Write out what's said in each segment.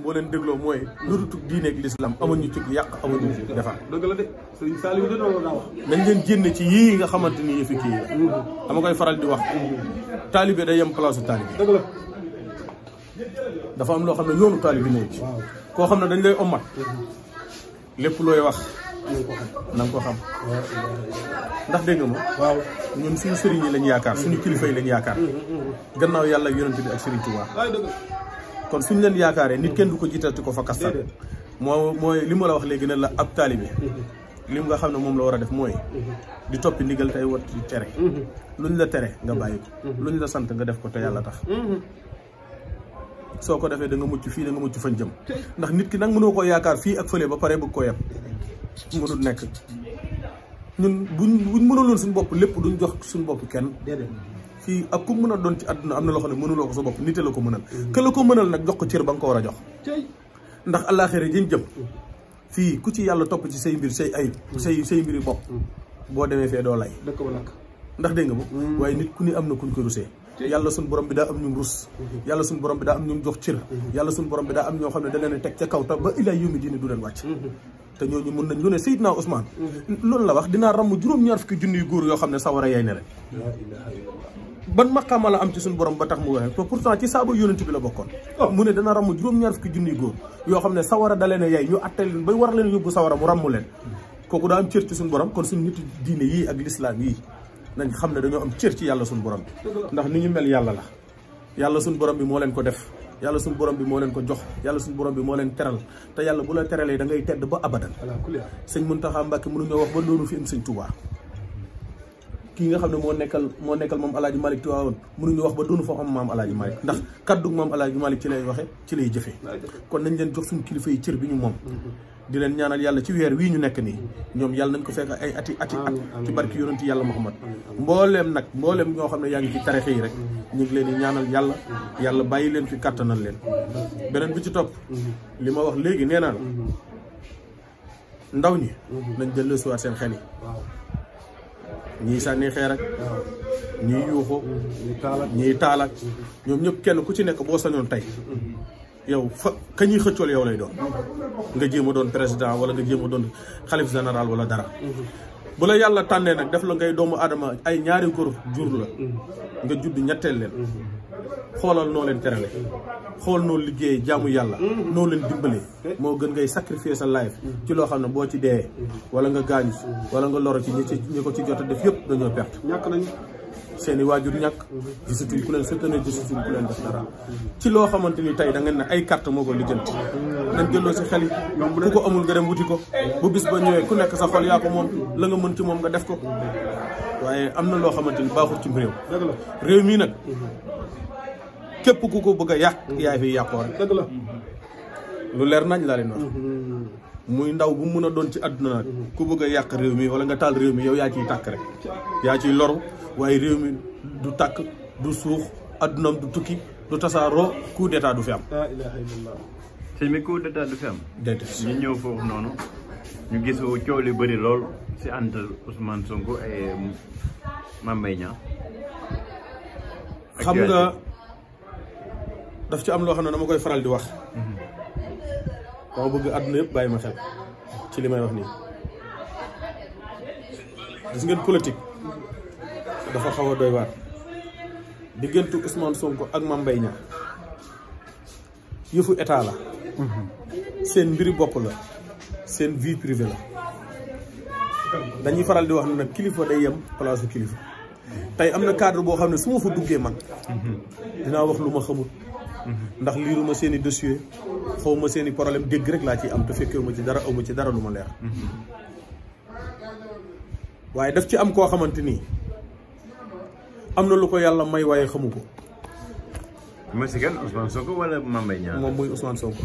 boo leen dégloo mooy lu dul tug diine ak lislaam amuñu ci yàq amuñu ci defar dëgg la de sëriñ Saliou de nañ leen jénn ci yii nga xamante ni yëfi kii la mmh. faral di wax mmh. taalibe day yem place taalibe dëgg la dafa am loo xam ne yoonu taalibe ne ci koo xam ne dañ lay ommat mmh. lépp looy wax na nga ko xam ndax dégg nga ma waaw ñun suñu sëriñ yi lañ yaakaar suñu kilifa yi lañ yaakaar gannaaw yàlla ak yonent bi ak sëriñ Tuubaa kon suñ leen yaakaaree nit kenn du ko jiitati ko fa kastan moo mooy li ma la wax léegi ne la ab taalibe mhm. li nga xam ne moom la war a def mooy mhm. di toppi ndigal tey wat di tere mhm. luñ la tere nga bàyyi ko luñ la sant nga def ko te yàlla tax soo ko defee danga mucc fii da nga mucc fañ jëm ndax nit ki nag mënoo ko yaakaar fii ak fële ba pare bëgg koo yem mënul nekk ñun buñ buñ mënaloon suñu bopp lépp duñ jox suñu bopp kenn fii ak ku mën a doon ci àdduna am na loo xam ne mënuloo ko sa bopp nite la ko mënal ke la ko mënal nag jox ko cër ba nga ko war a jox ndax àllaaxira jën jëm fii ku ci yàlla topp ci say mbir say ayib say say mbiri bopp boo demee fee doo lay ndax dégg nga ba mm. waaye nit ku ni am na kuñ ko rusee yàlla suñ borom bi daa am ñum rus mm-hmm. yàlla suñ borom bi daa am ñum jox cër mm-hmm. yàlla suñ borom bi daa am ñoo xam ne da ne teg ca kaw ta ba ilay yumi diine du leen wàcc mm-hmm. te ñooñu mun nañ lu ne Seydina Ousmane loolu la wax dinaa ramm juróom-ñaar fukki junni yu góor xam ne sawara yaay ne ban makama la am ci sun borom ba tax mu waxe ko pourtant ci saabu yonent bi la bokkon oh. mu ne dana ramm juroom ñaar fukki junni goor yo xam sawara dalena leen yay ñu atte leen bay war leen yobbu sawara mu ramu leen koku da am ciir ci sun borom kon sun nit diine yi ak l'islam yi nañ xam dañu am ciir ci yalla sun borom ndax ni ñu mel yalla la yalla sun borom bi mo leen ko def yalla sun borom bi mo leen ko jox yalla sun borom bi mo leen teral te yalla bu la terale da ngay tedd ba abadan sëñ muntaha mbake mu ñu wax ba loolu fi am sëñ touba kii nga xam ne moo nekkal moo nekkal moom alaaji Malick Tiwaawoon mënuñu wax ba doonu foo xam maam alaaji Malick ndax kaddu moom alaaji Malick ci lay waxe ci lay jëfee kon nañ leen jox suñu kilifa yi cër bi ñu moom di leen ñaanal yàlla ci weer wii ñu nekk nii ñoom yàlla nañ ko fekk ay ati ati at ci barki yonenti yàlla Muhammad mbooleem nag mbooleem ñoo xam ne yaa ngi ci tarixe yi rek ñu ngi leen di ñaanal yàlla yàlla bàyyi leen fi kàttanal leen beneen bi ci topp li ma wax léegi nee naa ndaw ñi nañ dellu si waat seen ñii sànni xeer ak ñii yuuxu mm, ñii taalaat ak ñoom ñëpp kenn ku ci nekk boo sañoon tey yow fa ka ñuy xëccool yow lay doon nga jéem a doon président wala nga jéem a doon xalif général wala dara mm-hmm. bu la yàlla tànnee nag def la ngay doomu aadama ay ñaari góor jur la mm-hmm. nga judd ñetteel leen mm-hmm. xoolal noo leen terale xool noo liggéey jaamu yàlla mm-hmm. noo leen dimbale moo gën ngay sacrifier sa life mm-hmm. ci loo xam ne boo ci dee mm-hmm. wala nga gaañu wala nga loro ci ñi ci ñi ko ci jot a def yëpp dañoo perte ñàkk nañ seeni waajur ñàkk gisatuñ ku leen soutenir gisatuñ ku leen def dara ci loo xamante ni tey da ngeen ne ay carte moo ko lijjanti nañ delloo si xel yi ku ko amul nga dem wuti ko bu bis ba ñëwee ku nekk sa xol yaa ko moom la nga mën ci moom nga def ko waaye am na loo xamante ni baaxul ci réew réew mii nag képp ku ko bëgg a yàq mm-hmm. yaay fi yàqoo rek dëgg la mm-hmm. lu leer nañ laa leen wax mm-hmm. muy ndaw bu mun a doon ci àdduna nag ku bëgg yàq réew mi wala nga taal réew mi yow yaa ciy tàkk rek yaa ciy loru waaye réew mi du tàkk du suux àddunaam du tukki du tasaaroo coup d'état du fi am sëñ bi coup d'état du fi am déedéet ñu ñëw foofu noonu ñu gis coow li bëri lool si entre Ousmane Sonko xam nga daf ci am loo xam ne dama koy faral di wax dama bëgg àdduna yëpp bàyyi ma xel ci li may wax nii gis ngeen politique dafa xaw a doy waar diggante Ousmane Sonko ak Mame Mbaye Niang yëfu état la seen mbiri bopp la seen vie privée la dañuy faral di wax ne nag kilifa day yem place kilifa tey am na cadre boo xam ne su ma fa duggee man dinaa wax lu ma xamul ndax liiruma mesin itu dossier xaw ma seen paralel problème dégg rek laa ciy am te fekkee ma ci dara amu ci dara lu leer waaye daf ci am ko xamante nii am lu ko yàlla may waaye xamu ko mooy si kan Ousmane wala Mame Mbaye Niang moom muy Ousmane Sonko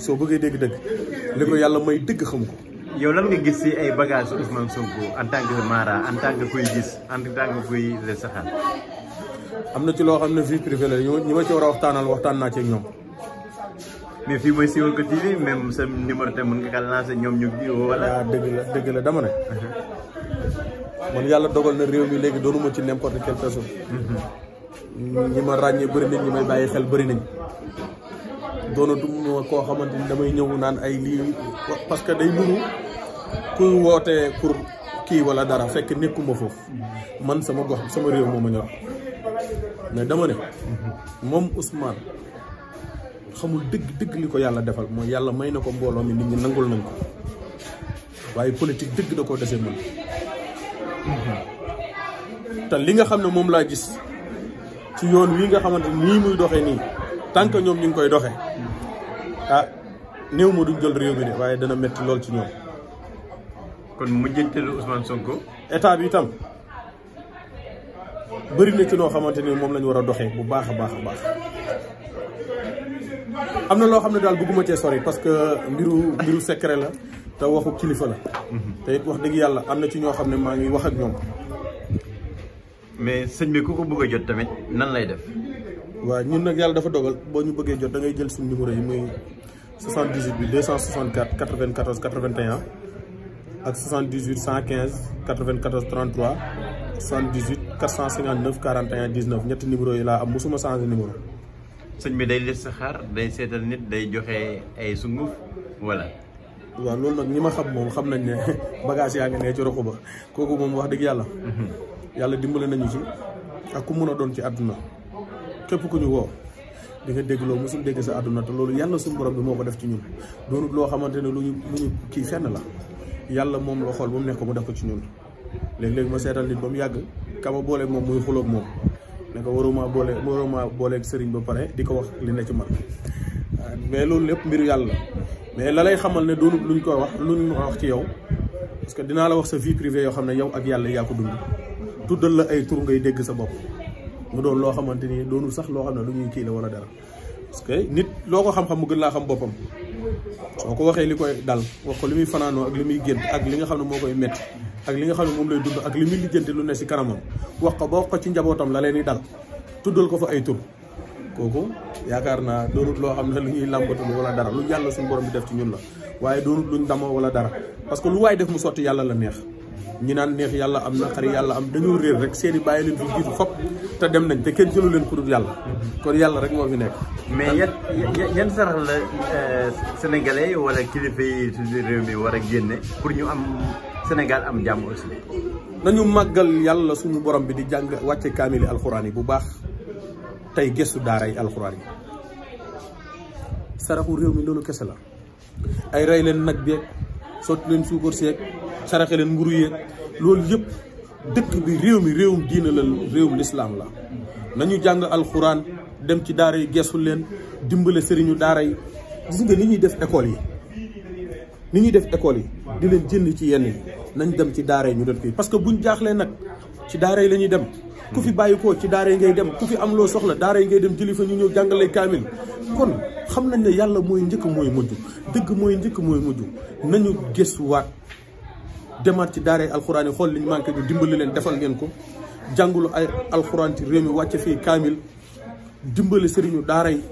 soo bëggee dégg-dëgg li ko yàlla may dëgg xamu yow lan nga gis si ay bagage Ousmane Sonko en tant que Mara en tant que gis en tant que le am na ci loo xam ne vie privée la ñi ma ci war a waxtaanal waxtaan naa ci ñoom. mais fii mooy Siweul Ko TV même sa mën nga kaa lancer ñoom ñu wala. Ah, dëgg la dëgg la dama ne. man yàlla dogal na réew mi léegi doonuma ci n'importe quelle personne. ñi ma ràññee bëri nañ ñi may bàyyi xel bari nañ. doonatuma koo xamante ni damay ñëw naan ay lii parce que day nuru ku wootee pour kii wala dara fekk nekkuma foofu man sama gox sama réew moo ma ñor. mais dama ne moom Ousmane xamul dëgg dëgg li ko yàlla defal mooy yàlla may na ko mbooloo mi nit ñi nangul nañ ko waaye politique dëgg da koo dese mën te li nga xam ne moom laa gis ci yoon wi nga xamante nii muy doxee nii tant que ñoom ñu ngi koy doxe ah néew ma duñ jël réew mi de waaye dana metti lool ci ñoom kon mujjanteelu Ousmane Sonko état bi itam bëri na ci noo xamante ni moom la ñu war a doxee bu baax a baax a baax am na loo xam ne daal bëgguma cee sori parce que mbiru mbiru secret la te waxu kilifa la. te wax dëgg yàlla am na ci ñoo xam ne maa ngi wax ak ñoom. mais sëñ bi ku ko bëgg a jot tamit nan lay def. waaw ñun nag yàlla dafa dogal boo ñu bëggee jot da ngay jël suñu numéro yi muy 78 bi 264 94 81 ak 78 115 94 33. 78 459 41 19 ñetti numéro yi laa am mosuma changé numéro. sëñ bi day listixaar day seetal nit day joxe ay sunguf wala. waaw loolu nag ñi ma xam moom xam nañ ne bagage yaa ngi ne ci roxu ba kooku moom wax dëgg yàlla. Mhm. yàlla dimbale nañu si ak ku mun a doon ci àdduna képp ku ñu woo. di nga dégg loolu mosul dégg sa àdduna te loolu yàlla suñu bi moo ko def ci ñun doonut loo xamante ne lu ñu lu kii fenn la yàlla moom la xool ba mu nekk ko def ko ci ñun léeg-léeg ma seetal nit ba mu yàgg kama booleeg moom muy xuloog moom ne ko waruma boole waruma booleeg sëriñ ba pare di ko wax li ne ci man mais loolu lépp mbiru yàlla la mais la lay xamal ne lu luñ koy wax luñ ma wax ci yow parce que dinaa la wax sa vie privée yoo xam ne yow ak yàlla yaa ko dund tuddal la ay tur ngay dégg sa bopp mu doon loo xamante ni doonul sax loo xam ne lu ñuy kii la wala dara parce que nit loo ko xam-xam mu gën laa xam boppam soo ko waxee li koy dal wax ko muy fanaanoo ak li muy génn ak li nga xam ne moo koy métti ak li nga xam ne moom lay dund ak li muy lijjanti lu ne si kanamam wax ko ba wax ko ci njabootam la leen di dal tuddal ko fa ay tur kooku yaakaar naa doonut loo xam ne lu ñuy làmbatu wala dara lu yàlla suñu borom bi def ci ñun la waaye doonut luñ dama wala dara parce que lu waay def mu sotti yàlla la neex ñu naan neex yàlla am na xari yàlla am dañu réer rek seen i bàyyi leen fi jiitu fop te dem nañ te kenn jëlu leen ku yàlla. kon yàlla rek moo fi nekk. mais yan yan sarax la euh, sénégalais wala kilifa yi ci réew mi war a génne pour ñu am Sénégal am jàmm aussi. dañu màggal yàlla suñu borom bi di jàng wàcce kaamili alxuraan yi bu baax tey gëstu daara yi alxuraan yi saraxu réew mi loolu kese la ay rey leen nag beeg sotti leen suukar seeg. saraxe leen mburu yéeg loolu yëpp dëkk bi réew mi réewum diina la réewum lislaam la nañu jàng alxuraan dem ci daara yi geesu leen dimbale sëriñu daara yi gis nga ni ñuy def école yi ni ñuy def école yi di leen jënd ci yenn yi nañ dem ci daara yi ñu doon kii parce que buñ jaaxlee nag ci daara yi la ñuy dem ku fi bàyyi ko ci daara yi ngay dem ku fi am loo soxla daara yi ngay dem jëli fa ñu ñëw jàngale kaamil kon xam nañ ne yàlla mooy njëkk mooy mujj dëgg mooy njëkk mooy mujj nañu gëstuwaat demaat ci daaree alxuraan yi xool liñ manqué bi dimbali leen defal ngeen ko jàngulu ay alxuraan ci réew mi wàcce fii kaamil dimbali sëriñu daara yi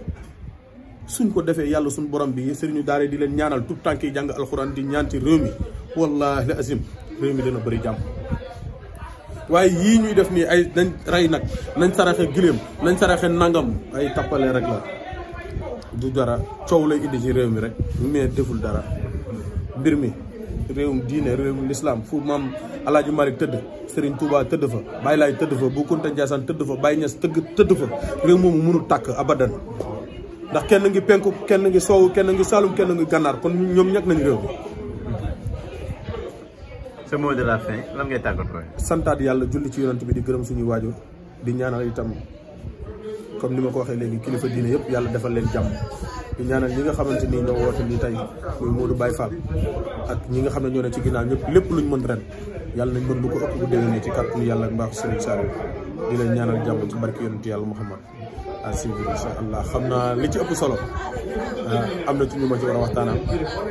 suñ ko defee yàlla suñ borom bi sëriñu daara yi di leen ñaanal tout tànk yi jàng alxuraan di ñaan ci réew mi wallaahi la azim réew mi dana bari jàmm waaye yii ñuy def nii ay dañ rey nag nañ saraxe giléem nañ saraxe nangam ay tappale rek la du dara coow lay indi ci réew mi rek mais deful dara mbir mi réewum diine réewum l'islam fu mam alaaji Malick teud Serigne Touba teud fa Baye Laay tëdd fa bu kunta Ndiassane teud fa bay ñess teug teud fa réew moomu mënul tak abadan ndax kenn ngi penku kenn ngi soow kenn ngi salum kenn ngi ganar kon ñom ñak nañ réew ce mot de la fin lam ngay tagal tàggatoo santaat yalla julli ci yonent bi di gërëm suñu waju di ñaanal itam comme nima ko waxee léegi kilifa diine yépp yalla defal leen jamm di ñaanal ñi nga xamante ñoo woote lii tey muy Modou Baye Fall ak ñi nga xam ñoo ne ci ginnaaw ñëpp lépp luñ mën ren yàlla nañ mën lu ko ëpp bu déwénee ci kàttanu yàlla ak Serigne di leen ñaanal ci barki yonent Muhammad asib allah li ci ëpp solo ah, am ci ñu ci war a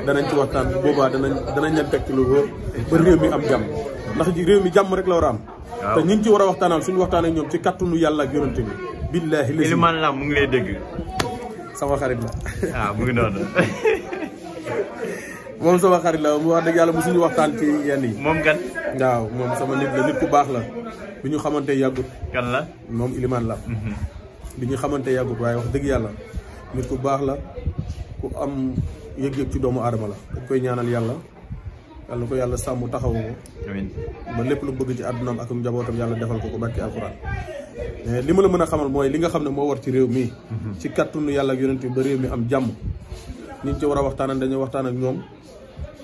danañ ci waxtaan bu danañ danañ lu ba réew mi am jàmm ndax réew mi jàmm rek la war am te ñi ci war a suñu waxtaan ak ñoom ci kàttanu yàlla ak yonent bi billahi la mu ngi lay sama xarit la. Ah mu ngi non mom sama xarit la mu wax yalla mu suñu waxtan ci yenn yi. mom gan. waaw mom sama nit la nit ku bax la biñu xamanté yagut kan la Mom iliman la. Mhm. biñu xamanté yagut way wax deug yalla nit ku bax la ku am yëg-yëg ci doomu adama la. ko koy ñaanal yalla yalla ko yalla sàmm taxawu amin ba lepp lu bëgg ci àddunaam ak njabootam yalla defal ko ko barki alquran mais eh, li ma la mën a xamal mooy li nga xam ne moo war ci réew mi. Mhm. ci kattanu yàlla ak yonent bi ba réew mi am jàmm. ni ñu ci war a waxtaan dañuy waxtaan ak ñoom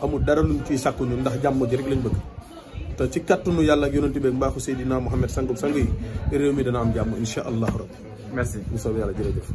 amul dara lu ciy sàkku ñun ndax jàmm ji rek lañ bëgg. te ci kattanu yàlla ak yonent bi ak mbaaxu Seydina Mouhamed sangum sang yi réew mi dana am jàmm incha allahu rabbi merci bu soobee yàlla jërëjëf.